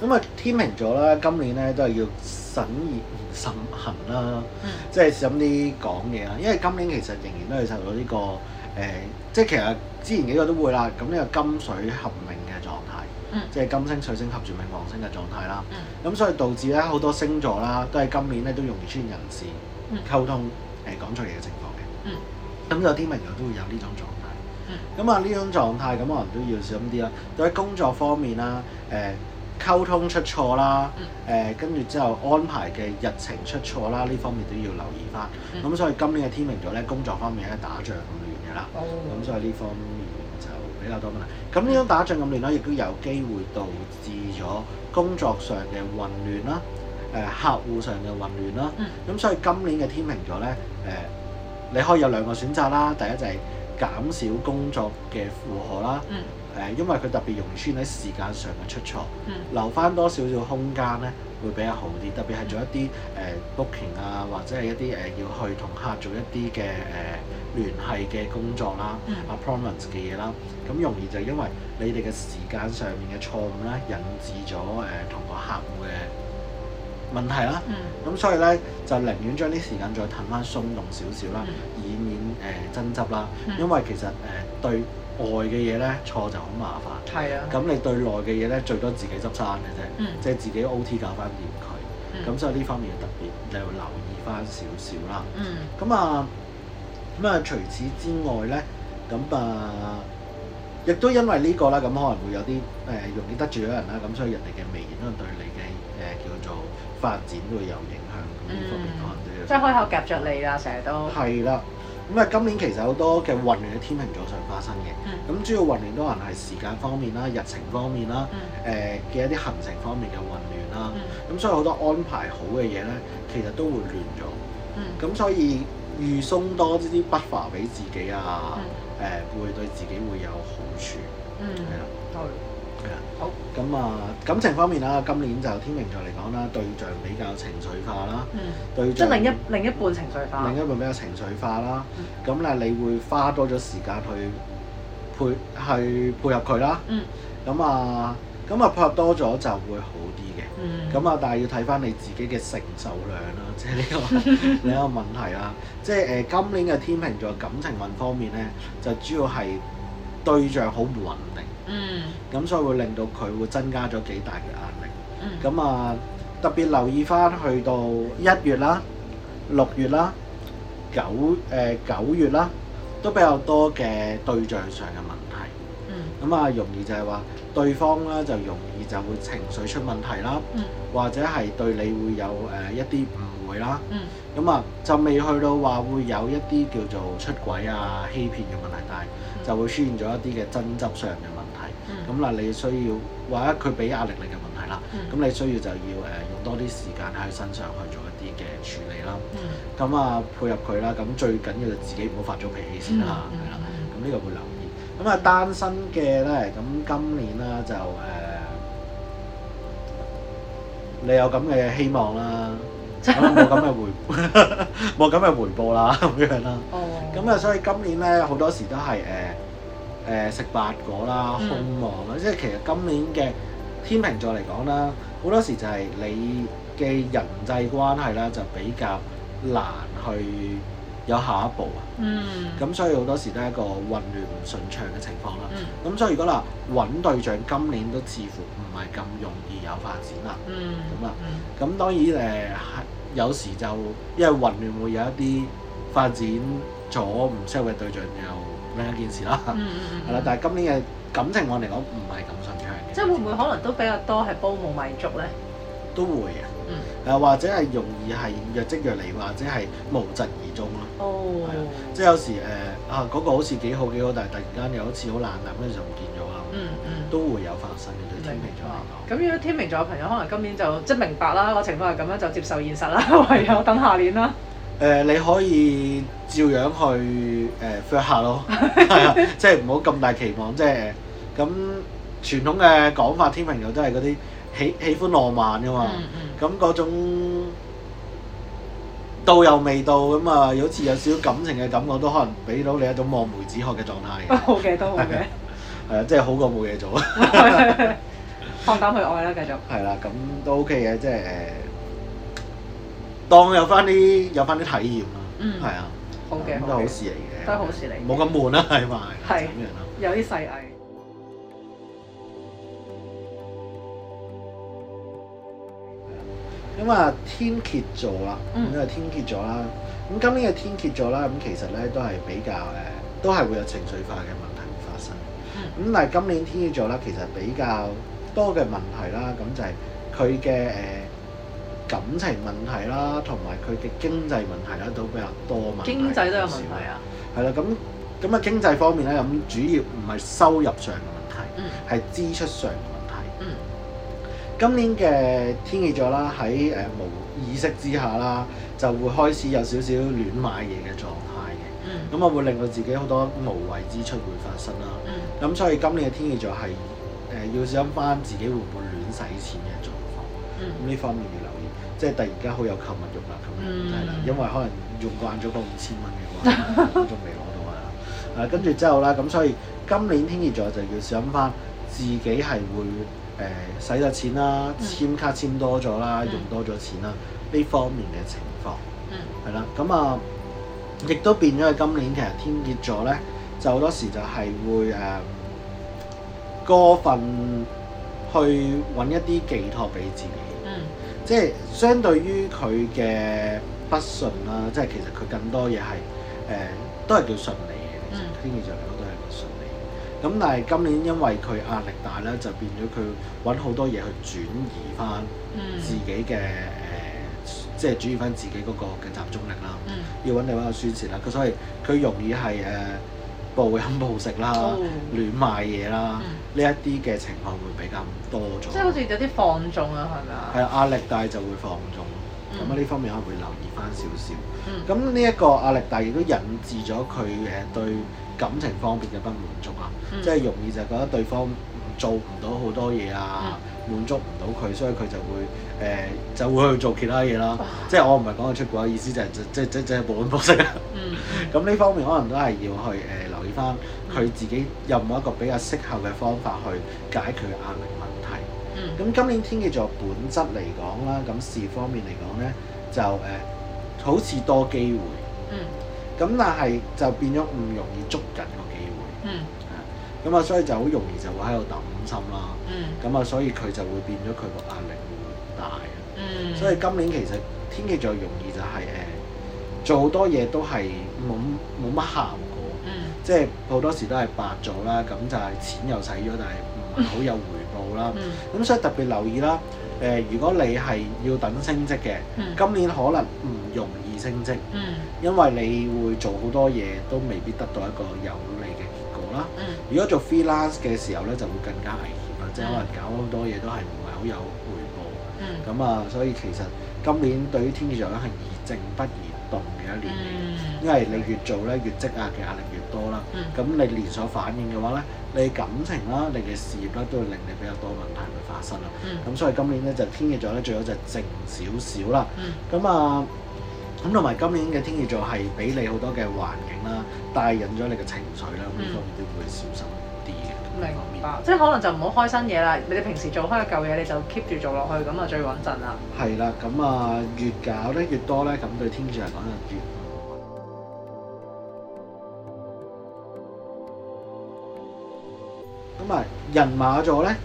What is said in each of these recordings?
咁啊，天秤座咧，今年咧都係要慎言慎行啦，嗯、即係小心啲講嘢啦。因為今年其實仍然都係受到呢、這個誒、欸，即係其實之前幾個都會啦。咁呢個金水合命嘅狀態，即係、嗯、金星水星合住冥王星嘅狀態啦。咁、嗯啊、所以導致咧好多星座啦，都喺今年咧都容易、嗯呃、出現人事溝通誒講錯嘢嘅情況嘅。咁、嗯、有天秤座都會有呢種狀態。咁啊、嗯，呢種狀態咁可能都要小心啲啦。喺工作方面啦，誒。溝通出錯啦，誒，跟住之後安排嘅日程出錯啦，呢方面都要留意翻。咁、嗯、所以今年嘅天秤座咧，工作方面咧打仗咁亂嘅啦。咁、嗯、所以呢方面就比較多困難。咁呢、嗯、種打仗咁亂咧，亦都有機會導致咗工作上嘅混亂啦，誒、呃、客戶上嘅混亂啦。咁、嗯、所以今年嘅天秤座咧，誒、呃、你可以有兩個選擇啦。第一就係減少工作嘅負荷啦。嗯誒，因為佢特別容易出現喺時間上嘅出錯，嗯、留翻多少少空間咧，會比較好啲。特別係做一啲誒、呃、booking 啊，或者係一啲誒、呃、要去同客做一啲嘅誒聯繫嘅工作啦，appointment 嘅嘢啦，咁、嗯、容易就因為你哋嘅時間上面嘅錯誤咧，引致咗誒同個客戶嘅問題啦。咁、嗯、所以咧，就寧願將啲時間再騰翻鬆動少少啦，嗯、以免誒、呃、爭執啦。因為其實誒對外嘅嘢咧錯就好麻煩，係啊，咁你對內嘅嘢咧最多自己執生嘅啫，即係自己 O T 搞翻掂佢，咁所以呢方面特別你要留意翻少少啦。咁啊，咁啊除此之外咧，咁啊亦都因為呢個啦，咁可能會有啲誒容易得罪咗人啦，咁所以人哋嘅微言可能對你嘅誒叫做發展會有影響，咁呢方面可能都要。即係開口夾着你啦，成日都。係啦。咁啊，今年其實好多嘅混亂喺天秤座上發生嘅，咁、嗯、主要混亂都可能係時間方面啦、日程方面啦、誒嘅、嗯呃、一啲行程方面嘅混亂啦，咁、嗯嗯、所以好多安排好嘅嘢咧，其實都會亂咗，咁、嗯嗯、所以預鬆多啲啲 buffer 俾自己啊，誒會、嗯呃、對自己會有好處。咁啊，感情方面啦，今年就天秤座嚟講啦，對象比較情緒化啦，嗯、對象，即係另一另一半情緒化，另一半比較情緒化啦。咁咧、嗯，你會花多咗時間去配，去配合佢啦。咁啊、嗯，咁啊、嗯，配合多咗就會好啲嘅。咁啊、嗯，但係要睇翻你自己嘅承受量啦。即係呢個你有問題啦。即係誒，今年嘅天秤座感情運方面咧，就主要係對象好唔穩定。嗯，咁所以會令到佢會增加咗幾大嘅壓力。嗯，咁啊，特別留意翻去到一月啦、六月啦、九誒九月啦，都比較多嘅對象上嘅問題，嗯，咁啊，容易就係話對方啦，就容易就會情緒出問題啦。嗯，或者係對你會有誒一啲誤會啦。嗯，咁啊，就未去到話會有一啲叫做出軌啊、欺騙嘅問題，但係就會出現咗一啲嘅爭執上嘅問題。嗯咁啦，你需要或者佢俾壓力你嘅問題啦，咁、嗯、你需要就要誒用多啲時間喺佢身上去做一啲嘅處理啦。咁啊、嗯，配合佢啦。咁最緊要就自己唔好發咗脾氣先啦，係啦、嗯。咁、嗯、呢個會留意。咁啊，單身嘅咧，咁今年啦就誒、呃，你有咁嘅希望啦，咁冇咁嘅回冇咁嘅回報啦，咁 樣啦了。咁啊、哦，所以今年咧好多時都係誒。呃誒食白果啦，空忙、嗯、啦，即係其實今年嘅天秤座嚟講啦，好多時就係你嘅人際關係啦，就比較難去有下一步啊。嗯，咁所以好多時都係一個混亂唔順暢嘅情況啦。咁、嗯、所以如果啦，揾對象，今年都似乎唔係咁容易有發展啦。嗯，咁啦，咁當然誒係有時就因為混亂，會有一啲發展咗唔適合嘅對象又。另一件事啦，係啦、嗯，嗯、 但係今年嘅感情上嚟講唔係咁順暢。即係會唔會可能都比較多係煲冇米粥咧？都會嘅，誒、嗯、或者係容易係若即若離，或者係無疾而終咯。哦，即係有時誒啊嗰個好似幾好幾好，但係突然間又好似好冷淡咧，就唔見咗啦。嗯，都會有發生嘅。對天秤座嚟講，咁白、嗯、如果天秤座嘅朋友可能今年就即係明白啦，個情況係咁樣就接受現實啦，唯有等下年啦。誒你可以照樣去誒 fuck 下咯，係啊，即係唔好咁大期望，即係咁傳統嘅講法，天秤又都係嗰啲喜喜歡浪漫噶嘛，咁嗰種到又未到，咁啊有時有少少感情嘅感覺，都可能俾到你一種望梅止渴嘅狀態嘅。好嘅，都好嘅，係啊，即係好過冇嘢做啊，放膽去愛啦，繼續。係啦，咁都 OK 嘅，即係誒。當有翻啲有翻啲體驗、嗯、啊，係啊，好嘅，都好事嚟嘅，都好事嚟，冇咁悶啦，起碼係咁樣咯。有啲細藝。咁啊、嗯，天蠍座啦，咁、嗯、啊天蠍座啦，咁啊天蠍座啦，咁今年嘅天蠍座啦，咁其實咧都係比較誒，都係會有情緒化嘅問題發生。咁但係今年天蠍座咧，其實比較多嘅問題啦，咁就係佢嘅誒。嗯感情問題啦，同埋佢嘅經濟問題啦，都比較多嘛。經濟都有問題啊。係啦，咁咁啊，經濟方面咧，咁主要唔係收入上嘅問題，係、嗯、支出上嘅問題。嗯、今年嘅天蠍座啦，喺誒、呃、無意識之下啦，就會開始有少少亂買嘢嘅狀態嘅。咁啊、嗯，會令到自己好多無謂支出會發生啦。咁、嗯、所以今年嘅天蠍座係誒、呃、要小心翻自己會唔會亂使錢嘅咗。呢、嗯、方面要留意，即係突然間好有購物欲啦咁樣，係啦，因為可能用慣咗個五千蚊嘅話，仲未攞到 啊。啊，跟住之後咧，咁所以今年天蠍座就要小心翻自己係會誒使咗錢啦，簽卡簽多咗啦，用多咗錢啦，呢、嗯、方面嘅情況，係啦、嗯，咁啊，亦都變咗今年其實天蠍座咧，就好多時就係會誒、啊、過分。去揾一啲寄託俾自己，嗯、即係相對於佢嘅不順啦，即係其實佢更多嘢係誒都係叫順利嘅，經常嚟講都係叫順利。咁但係今年因為佢壓力大啦，就變咗佢揾好多嘢去轉移翻自己嘅誒、嗯呃，即係轉移翻自己嗰個嘅集中力啦，嗯、要揾嚟揾個宣洩啦。佢所以佢容易係誒。呃暴飲暴食啦，亂買嘢啦，呢一啲嘅情況會比較多咗。即係好似有啲放縱啊，係咪啊？係啊，壓力大就會放縱，咁啊呢方面可能會留意翻少少。咁呢一個壓力大亦都引致咗佢誒對感情方面嘅不滿足啊，嗯、即係容易就覺得對方。做唔到好多嘢啊，嗯、滿足唔到佢，所以佢就會誒、呃、就會去做其他嘢啦。啊、即係我唔係講佢出軌嘅意思，就係即即即係暴飲暴食啊。咁呢、 嗯嗯、方面可能都係要去誒、呃、留意翻佢自己有冇一個比較適合嘅方法去解決壓力問題。咁、嗯、今年天蠍座本質嚟講啦，咁事業方面嚟講咧，就誒、呃、好似多機會，咁、嗯嗯、但係就變咗唔容易捉緊個機會。嗯嗯咁啊，所以就好容易就會喺度等心啦。嗯。咁啊，所以佢就會變咗佢個壓力會大。嗯。所以今年其實天秤最容易就係、是、誒做好多嘢都係冇冇乜效果。即係好多時都係白做啦，咁就係錢又使咗，但係唔係好有回報啦。嗯。咁所以特別留意啦，誒、呃，如果你係要等升職嘅，嗯、今年可能唔容易升職，嗯、因為你會做好多嘢都未必得到一個有。啦，如果做 freelance 嘅時候咧，就會更加危險啦，即係可能搞好多嘢都係唔係好有回報。咁、嗯、啊，所以其實今年對於天蠍座咧係宜靜不宜動嘅一年、嗯、因為你越做咧越積壓嘅壓力越多啦。咁、嗯、你連鎖反應嘅話咧，你感情啦、你嘅事業啦，都會令你比較多問題會發生啦。咁、嗯、所以今年咧就是、天蠍座咧最好就靜少少啦。咁、嗯、啊。咁同埋今年嘅天蠍座係俾你好多嘅環境啦，帶引咗你嘅情緒啦，咁方面都會小心啲嘅。嗯、樣明白，即係可能就唔好開新嘢啦，你哋平時做開嘅舊嘢你就 keep 住做落去，咁啊最穩陣啦。係啦，咁啊越搞得越多咧，咁對天蠍嚟講就越唔穩。咁啊，人馬座咧，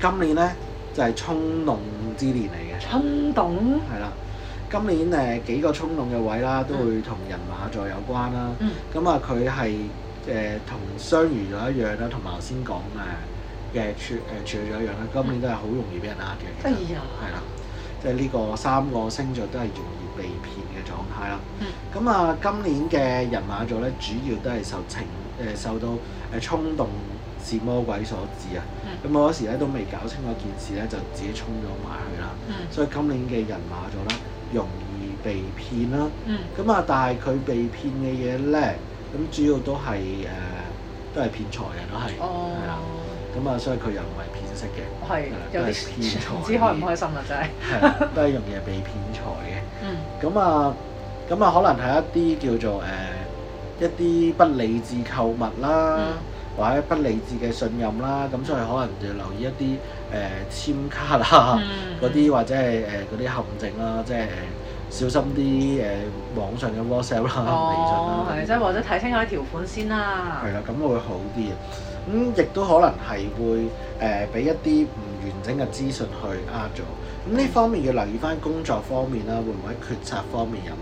咁今年咧就係、是、衝動之年嚟嘅。衝動董。係啦。今年誒幾個衝動嘅位啦，都會同人馬座有關啦。咁啊、嗯，佢係誒同雙魚咗一樣啦，同埋頭先講誒嘅處誒處理咗一樣啦。今年都係好容易俾人呃嘅，係啦，即係呢個三個星座都係容易被騙嘅狀態啦。咁啊、嗯嗯，今年嘅人馬座咧，主要都係受情誒、呃、受到誒衝動是魔鬼所致啊。咁好多時咧都未搞清楚件事咧，就自己衝咗埋去啦。嗯、所以今年嘅人馬座咧，容易被騙啦，咁啊、嗯，但係佢被騙嘅嘢咧，咁主要都係誒、呃，都係騙財嘅咯，係，係啊、哦，咁啊、嗯，所以佢又唔係騙色嘅，係，都係騙財，唔知開唔開心啊，真係， 都係容易被騙財嘅，咁啊、嗯，咁啊、嗯嗯，可能係一啲叫做誒、呃，一啲不理智購物啦。嗯或者不理智嘅信任啦，咁所以可能就要留意一啲誒簽卡啦，嗰啲、嗯、或者係誒嗰啲陷阱啦，即係小心啲誒、呃、網上嘅 WhatsApp 啦，微、哦、信即係對或者睇清楚啲條款先啦。係啦，咁會好啲嘅，咁、嗯、亦都可能係會誒俾、呃、一啲唔完整嘅資訊去呃咗，咁呢方面要留意翻工作方面啦，會唔會喺決策方面有。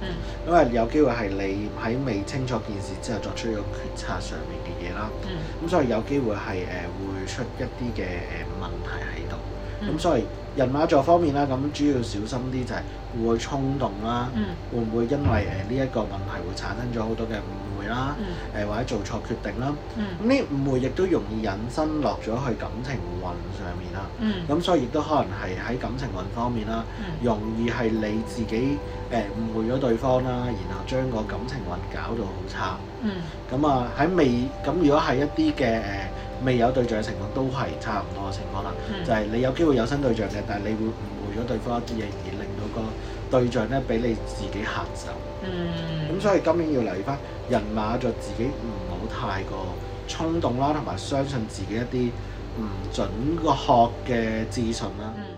嗯，因為有機會係你喺未清楚件事之後作出一個決策上面嘅嘢啦，嗯，咁所以有機會係誒會出一啲嘅誒問題喺度，咁、嗯、所以人馬座方面啦，咁主要小心啲就係會衝動衝動啦，嗯、會唔會因為誒呢一個問題會產生咗好多嘅誤會啦，或者做錯決定啦，咁呢、嗯、誤會亦都容易引申落咗去感情運上面啦，咁、嗯、所以亦都可能係喺感情運方面啦，嗯、容易係你自己誒誤會咗對方啦，然後將個感情運搞到好差，咁啊喺未咁如果係一啲嘅誒未有對象嘅情況都係差唔多嘅情況啦，嗯、就係你有機會有新對象嘅，但係你會誤會咗對方一啲嘢，亦而令到個。對象咧，俾你自己下手。嗯。咁所以今年要留意返人馬，就自己唔好太過衝動啦，同埋相信自己一啲唔準確嘅資訊啦。嗯